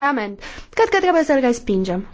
Parlament. Cred că trebuie să îl respingem.